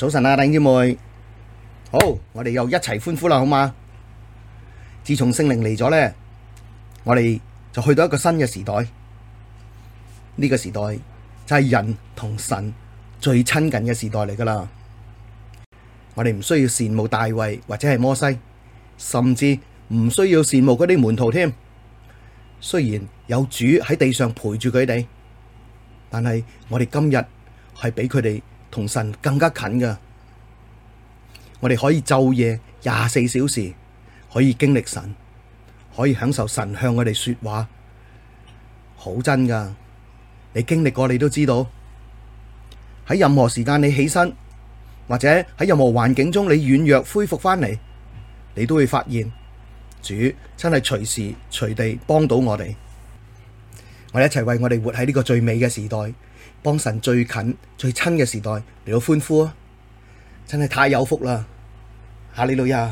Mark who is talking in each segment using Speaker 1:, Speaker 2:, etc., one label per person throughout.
Speaker 1: 早晨啊，弟兄姊妹，好，我哋又一齊歡呼啦，好嘛？自從聖靈嚟咗呢，我哋就去到一個新嘅時代。呢個時代就係人同神最親近嘅時代嚟噶啦。我哋唔需要羨慕大衛或者係摩西，甚至唔需要羨慕嗰啲門徒添。雖然有主喺地上陪住佢哋，但係我哋今日係俾佢哋同神更加近㗎，我哋可以晝夜廿四小時可以經歷神，可以享受神向我哋說話，好真㗎！你經歷過你都知道，喺任何時間你起身，或者喺任何環境中你軟弱恢復翻嚟，你都會發現主真係隨時隨地幫到我哋。我哋一齊為我哋活喺呢個最美嘅時代幫神最近最親嘅時代嚟到歡呼啊！真係太有福啦，哈利路亞！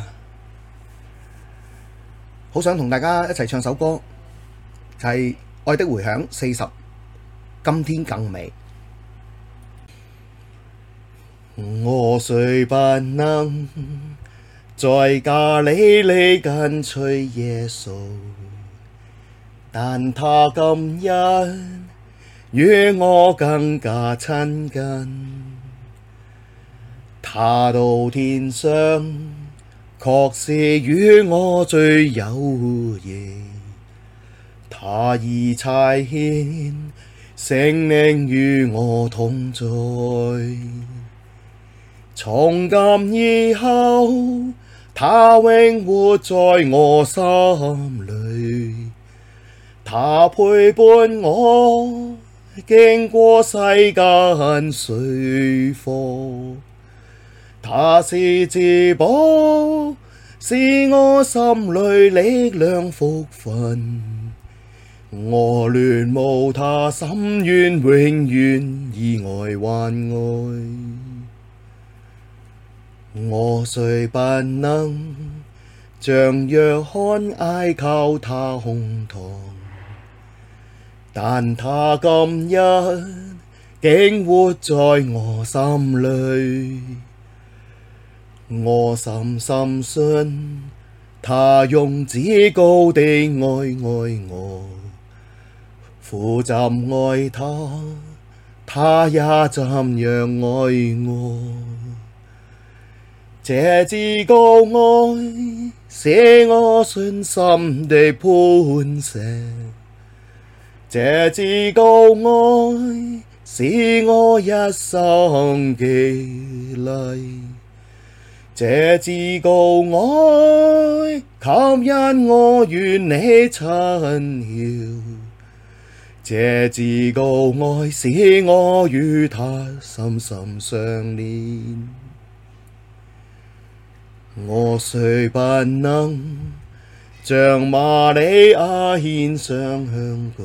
Speaker 1: 好想同大家一齊唱首歌，就係《愛的迴響》四十，今天更美。
Speaker 2: 我雖不能在加利利跟隨耶穌，但他今日。與我更加親近他，他到天上，確是與我最有益。他已差遣，聖靈與我同在。從今以後，他永活在我心裡，他陪伴我，經過世間水火，他是至寶，是我心裏力量福份。我戀慕他，深願，永遠以愛還愛，我雖不能像約翰挨靠他胸膛。但他今日竟活在我心裏，我深深信他用至高的愛愛我，父怎愛他，他也怎樣愛我，這至高愛是我信心的磐石。這至高愛使我一生激勵，這至高愛吸引我遠離塵囂，這至高愛使我與他深深相連，我雖不能像馬利亞獻上香膏，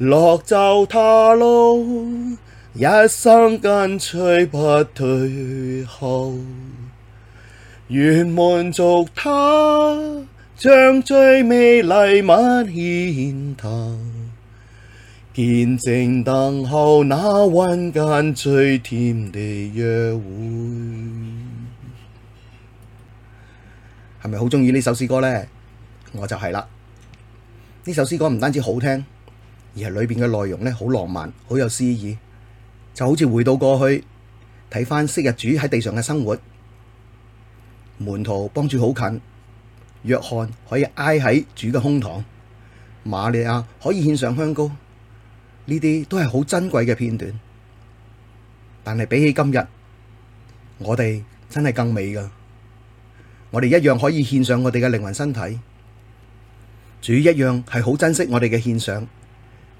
Speaker 2: 樂走他路，一生跟隨不退後。願滿足他，將最美禮物獻他。堅貞等候那雲間最
Speaker 1: 甜的約會，係咪好鍾意呢首詩歌呢？我就係啦，呢首詩歌唔單止好聽。而係裏面嘅內容咧，好浪漫，好有詩意，就好似回到過去睇返昔日主喺地上嘅生活，門徒幫住好近，約翰可以挨喺主嘅胸膛，瑪利亞可以獻上香膏，呢啲都係好珍貴嘅片段。但係比起今日，我哋真係更美㗎，我哋一樣可以獻上我哋嘅靈魂身體，主一樣係好珍惜我哋嘅獻上。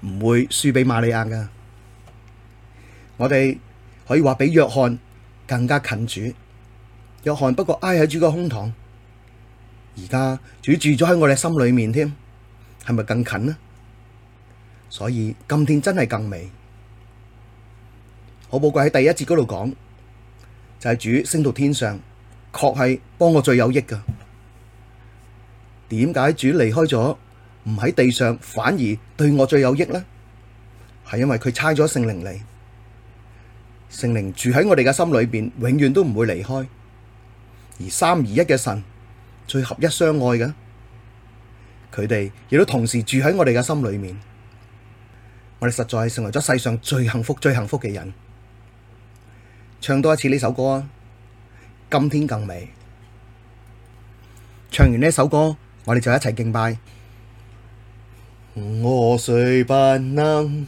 Speaker 1: 唔會輸俾瑪利亞噶，我哋可以話比約翰更加近主。約翰不過挨喺主個胸膛，而家主住咗喺我哋心裏面添，係咪更近呢？所以今天真係更美。好寶貴喺第一節嗰度講，就係主升到天上，確係幫我最有益噶。點解主離開咗？唔喺地上，反而對我最有益呢？係因為佢差咗聖靈嚟，聖靈住喺我哋嘅心裏邊，永遠都唔會離開。而三而一嘅神最合一相愛嘅，佢哋亦都同時住喺我哋嘅心裏面。我哋實在成為咗世上最幸福、最幸福嘅人。唱多一次呢首歌啊，今天更美。唱完呢首歌，我哋就一齊敬拜。我
Speaker 2: 雖不能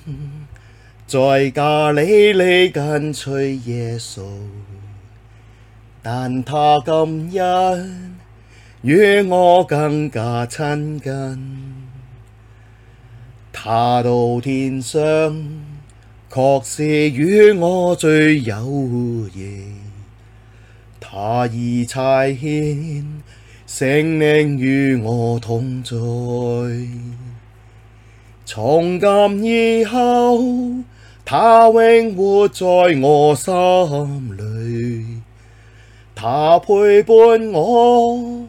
Speaker 2: 在加利利跟隨耶穌，但他今日與我更加親近。他到天上確是與我最有益，他已差遣聖靈與我同在。從今以後，他永活在我心裡，他陪伴我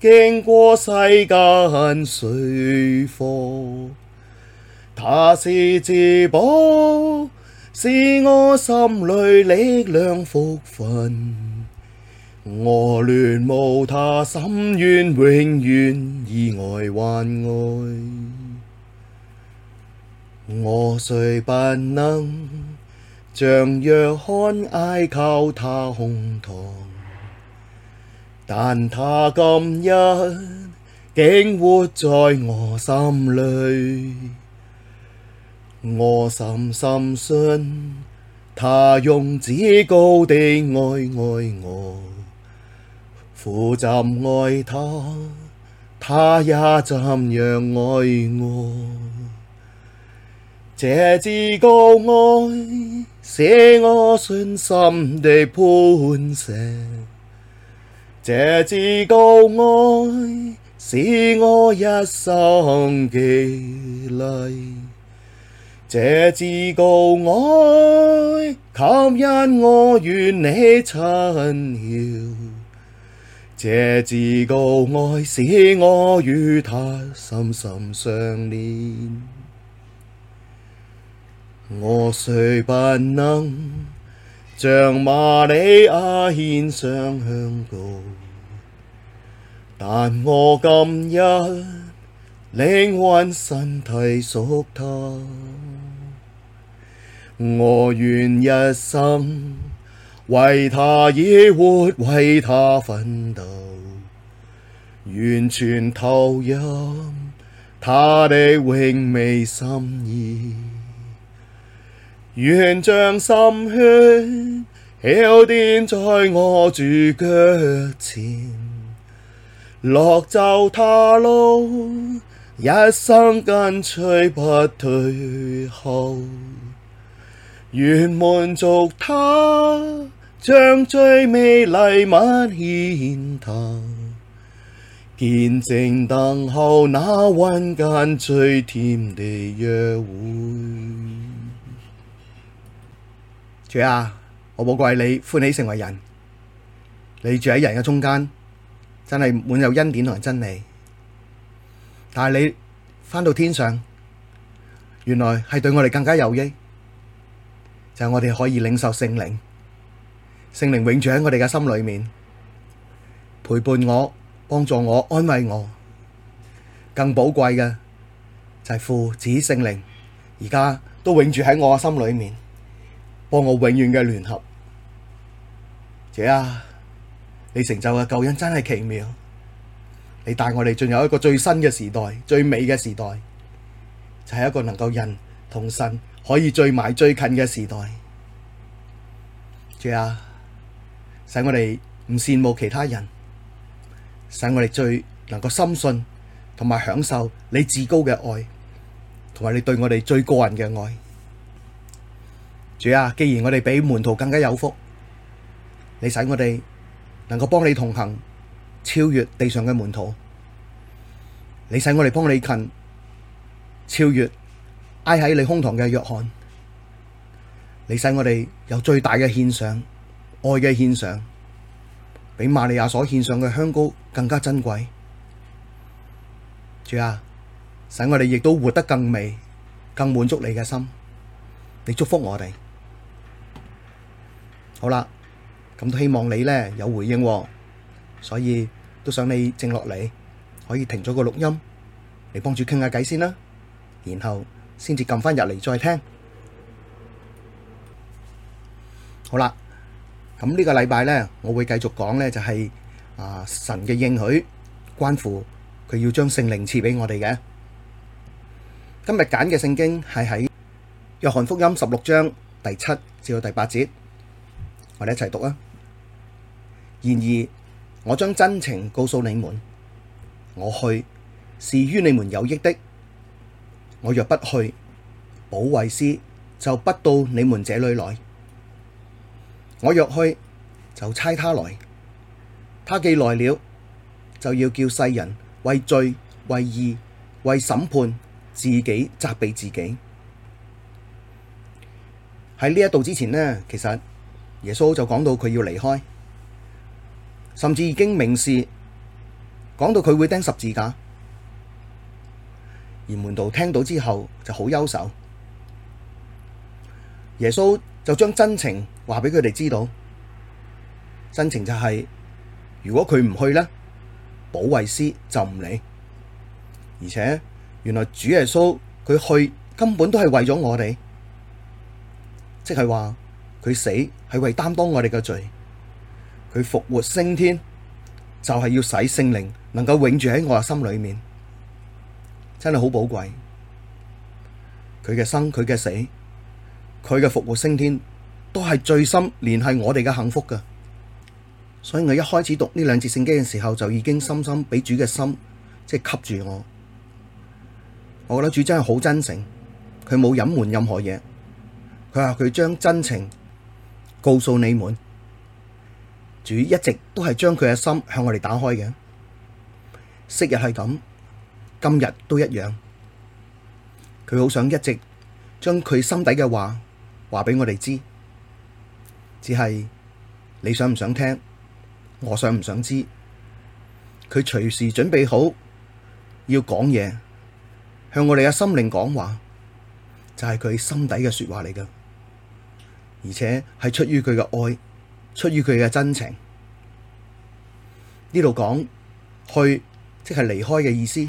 Speaker 2: 經過世間水火，他是至寶，是我心裡力量福份，我戀慕他，深願永遠以愛還愛。我雖不能像約翰挨靠他胸膛，但他今日竟活在我心裡，我深深信他用至高的愛愛我，父怎愛他，他也怎樣愛我。這至高愛，使我信心地磐石，這至高愛，使我一生激勵，這至高愛，吸引我遠離塵囂，這至高愛，使我與他深深相連。我雖不能像瑪利亞獻上香膏，但我今日靈魂身體屬他，我願一生為他而活，為他奮鬥，完全投入他的榮美心意。願將心血澆奠在我主腳前，樂走他路，一生跟隨不退後。願滿足他，將最美禮物獻祂，堅貞等候那雲間最甜的
Speaker 1: 約會。主啊，我寶貴你歡喜成為人，你住喺人嘅中間，真係滿有恩典同埋真理。但係你返到天上，原來係對我哋更加有益，就係、是、我哋可以領受聖靈，聖靈永住喺我哋嘅心裏面，陪伴我、幫助我、安慰我。更寶貴嘅就係、是、父子聖靈，而家都永住喺我嘅心裏面。幫我永遠嘅聯合，姐啊！你成就嘅救恩真係奇妙，你帶我哋進入一個最新嘅時代、最美嘅時代，就係一個能夠人同神可以最埋最近嘅時代。姐啊，使我哋唔羨慕其他人，使我哋最能夠深信同埋享受你至高嘅愛，同埋你對我哋最個人嘅愛。主啊，既然我哋比門徒更加有福，你使我哋能夠幫你同行，超越地上嘅門徒，你使我哋幫你近，超越挨喺你胸膛嘅約翰，你使我哋有最大嘅獻上，愛嘅獻上，比馬利亞所獻上嘅香膏更加珍貴。主啊，使我哋亦都活得更美，更滿足你嘅心，你祝福我哋。好啦，咁都希望你咧有回應，所以都想你靜落嚟，可以停咗個錄音嚟幫住傾下偈先啦，然後先至撳翻入嚟再聽。好啦，咁呢個禮拜咧，我會繼續講咧，就係啊神嘅應許，關乎佢要將聖靈賜俾我哋嘅。今日揀嘅聖經係喺約翰福音十六章第七至到第八節。我哋一齊讀啊！然而，我將真情告訴你們，我去是於你們有益的。我若不去，保惠師就不到你們這裏來；我若去，就差他來。他既來了，就要叫世人為罪、為義、為審判，自己責備自己。喺呢一度之前呢，其實。耶穌就講到佢要離開，甚至已經明示講到佢會釘十字架。而門徒聽到之後就好憂愁。耶穌就將真情話俾佢哋知道，真情就係、是、如果佢唔去呢，保惠師就唔嚟。而且原來主耶穌佢去根本都係為咗我哋，即係話。佢死係為擔當我哋嘅罪，佢復活升天就係要使聖靈能夠永住喺我嘅心裏面，真係好寶貴。佢嘅生，佢嘅死，佢嘅復活升天，都係最深連繫我哋嘅幸福噶。所以我一開始讀呢兩節聖經嘅時候，就已經深深俾主嘅心即係吸住我。我覺得主真係好真誠，佢冇隱瞞任何嘢。佢話佢將真情。告訴你們，主一直都係將佢嘅心向我哋打開嘅，昔日係咁，今日都一樣。佢好想一直將佢心底嘅話話畀我哋知，只係你想唔想聽，我想唔想知。佢隨時準備好要講嘢，向我哋嘅心靈講話，就係佢心底嘅說話嚟噶。而且係出於佢嘅愛，出於佢嘅真情。呢度講去，即係離開嘅意思。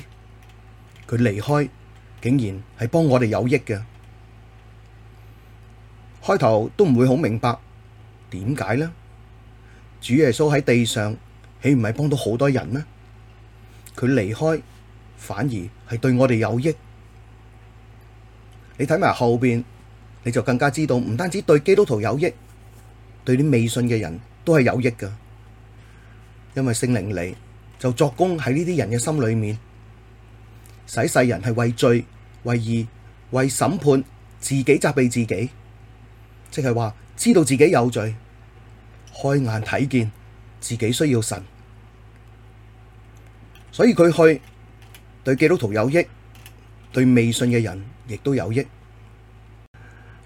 Speaker 1: 佢離開，竟然係幫我哋有益嘅。開頭都唔會好明白點解咧？主耶穌喺地上，豈唔係幫到好多人咩？佢離開，反而係對我哋有益。你睇埋後邊。你就更加知道，唔單止對基督徒有益，對啲未信嘅人都係有益㗎。因為聖靈嚟就作工喺呢啲人嘅心裡面，使世人係為罪、為義、為審判，自己責備自己，即係話知道自己有罪，開眼睇見自己需要神。所以佢去對基督徒有益，對未信嘅人亦都有益。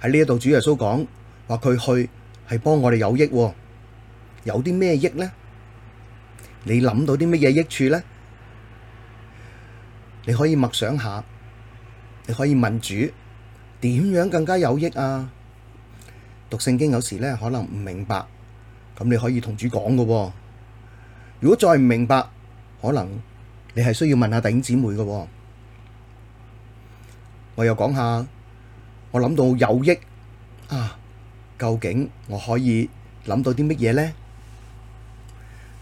Speaker 1: 喺呢度，主耶穌講，話佢去係幫我哋有益喎，有啲咩益呢？你諗到啲乜嘢益處呢？你可以默想下，你可以問主，點樣更加有益啊？讀聖經有時咧可能唔明白，咁你可以同主講噶喎。如果再唔明白，可能你係需要問，問下弟兄姊妹噶喎。我又講下。我諗到有益啊！究竟我可以諗到啲乜嘢呢？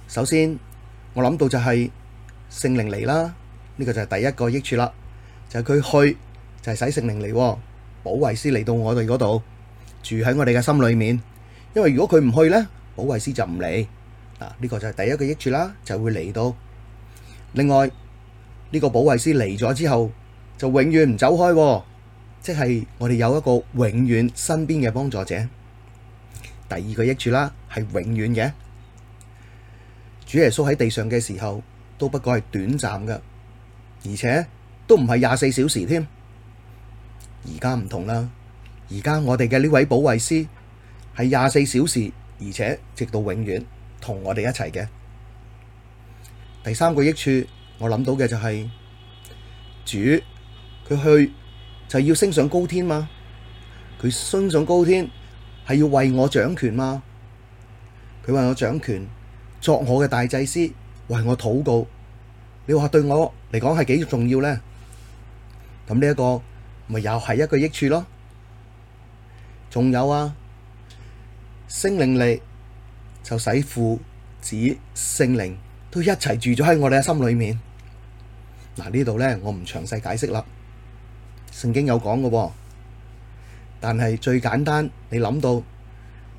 Speaker 1: 首先，我諗到就係聖靈嚟啦，呢、這個就係第一個益處啦。就係、是、佢去就係使聖靈嚟，保惠師嚟到我哋嗰度住喺我哋嘅心裏面。因為如果佢唔去呢，保惠師就唔嚟啊！呢、這個就係第一個益處啦，就是、會嚟到。另外，呢、這個保惠師嚟咗之後，就永遠唔走開。即係我哋有一個永遠身邊嘅幫助者。第二個益處啦，係永遠嘅。主耶穌喺地上嘅時候都不過係短暫噶，而且都唔係廿四小時添。而家唔同啦，而家我哋嘅呢位保惠師係廿四小時，而且直到永遠同我哋一齊嘅。第三個益處，我諗到嘅就係、是、主佢去。就要升上高天嘛？佢升上高天係要為我掌權嘛？佢為我掌權，作我嘅大祭司，為我禱告。你話對我嚟講係幾重要呢？咁呢一個咪又係一個益處咯。仲有啊，聖靈力就使父子聖靈都一齊住咗喺我哋嘅心裏面。嗱、啊、呢度咧，我唔詳細解釋啦。聖經有講嘅，但係最簡單你，你諗到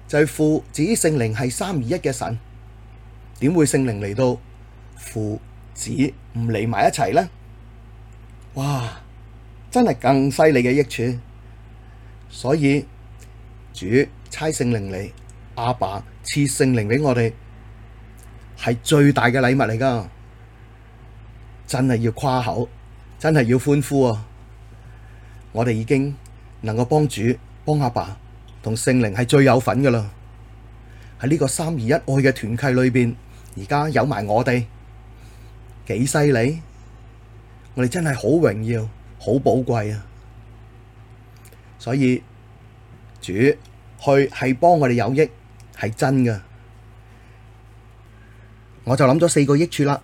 Speaker 1: 就係、是、父子聖靈係三而一嘅神，點會聖靈嚟到父子唔嚟埋一齊呢？哇！真係更犀利嘅益處，所以主差聖靈嚟，阿爸賜聖靈俾我哋，係最大嘅禮物嚟噶，真係要誇口，真係要歡呼啊！我哋已經能夠幫主、幫阿爸同聖靈係最有份噶啦，喺呢個三而一愛嘅團契裏邊，而家有埋我哋，幾犀利！我哋真係好榮耀、好寶貴啊！所以主去係幫我哋有益，係真噶。我就諗咗四個益處啦，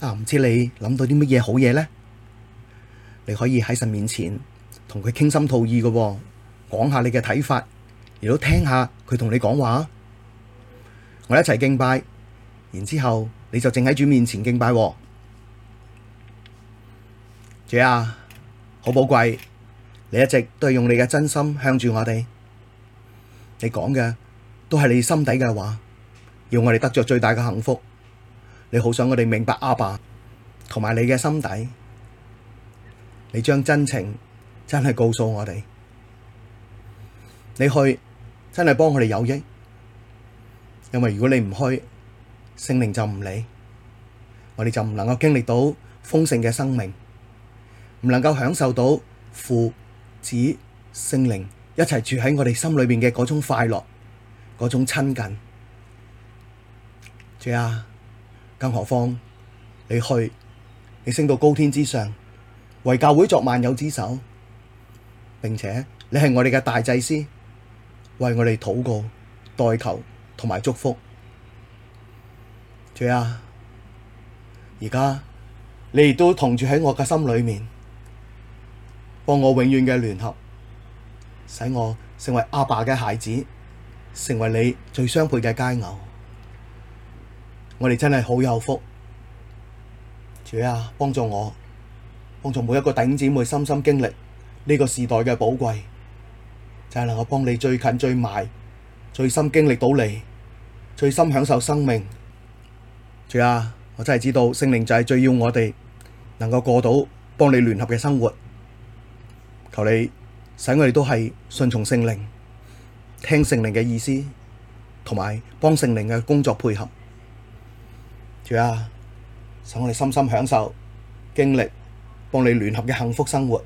Speaker 1: 啊，唔知你諗到啲乜嘢好嘢呢？你可以喺神面前同佢傾心吐意嘅，哦，講下你嘅睇法，亦都聽下佢同你講話。我一齊敬拜，然之後你就靜喺主面前敬拜，哦。主啊，好寶貴，你一直都係用你嘅真心向住我哋，你講嘅都係你心底嘅話，要我哋得着最大嘅幸福。你好想我哋明白阿爸同埋你嘅心底。你將真情真係告訴我哋，你去真係幫我哋有益，因為如果你唔去，聖靈就唔理，我哋就唔能夠經歷到豐盛嘅生命，唔能夠享受到父子聖靈一齊住喺我哋心裏面嘅嗰種快樂，嗰種親近。主啊，更何況你去，你升到高天之上。為教會作萬有之首，並且你係我哋嘅大祭司，為我哋禱告、代求同埋祝福。主啊，而家你亦都同住喺我嘅心裏面，幫我永遠嘅聯合，使我成為阿爸嘅孩子，成為你最相配嘅佳偶。我哋真係好有福，主啊，幫助我。幫助每一個頂姐妹深深經歷呢個時代嘅寶貴，就係能夠幫你最近最埋、最深經歷到你、最深享受生命。主啊，我真係知道聖靈就係最要我哋能夠過到幫你聯合嘅生活。求你使我哋都係順從聖靈，聽聖靈嘅意思，同埋幫聖靈嘅工作配合。主啊，使我哋深深享受經歷。幫你聯合嘅幸福生活，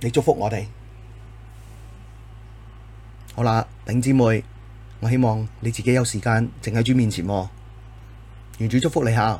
Speaker 1: 你祝福我哋好啦，頂姊妹，我希望你自己有時間，靜喺主面前喎，願主祝福你下。